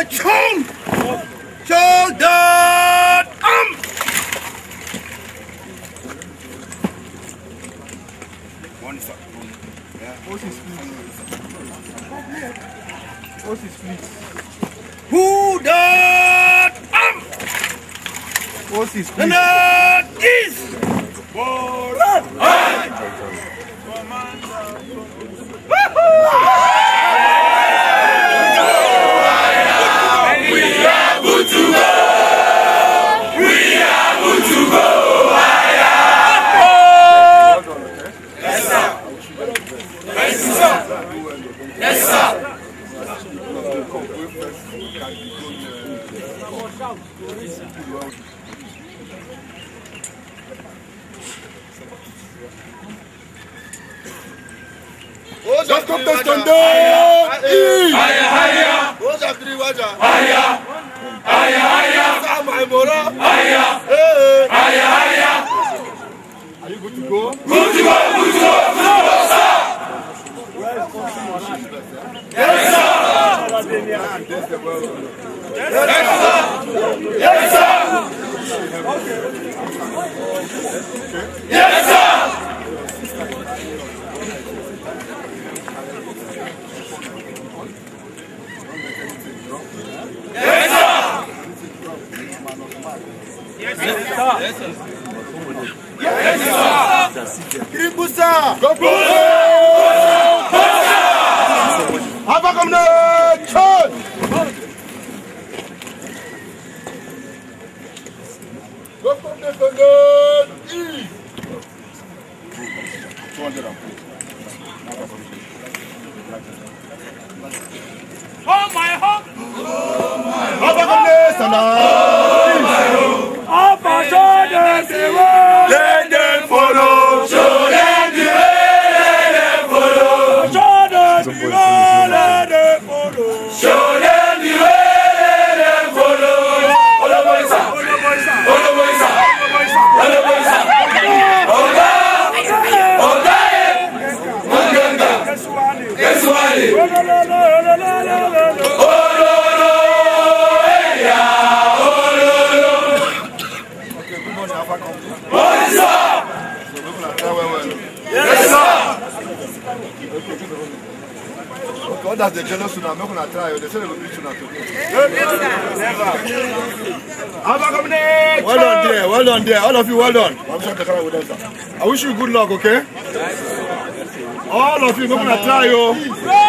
Aktion! Soldat am! One is up. Yeah. What is fleet? What is fleet? Who dat am? What is fleet? That is! Borat! Commander! convoi Just come to stand up! Haya, haya! Waja, kiri, waja! Haya! Haya, haya! Sama, Are you good to go? Good to go, good to go, good to go, sir! Yes, sir! 열사! 열사! 열사! 열사! 열사! 열사! 그리고사! 거꾸로! Oh my hope! Oh my oh Others dey jealous una make una try o dey say dem go beat una today. Well done there, well done there, all of you well done. I wish you good luck, okay? All of you make una try o.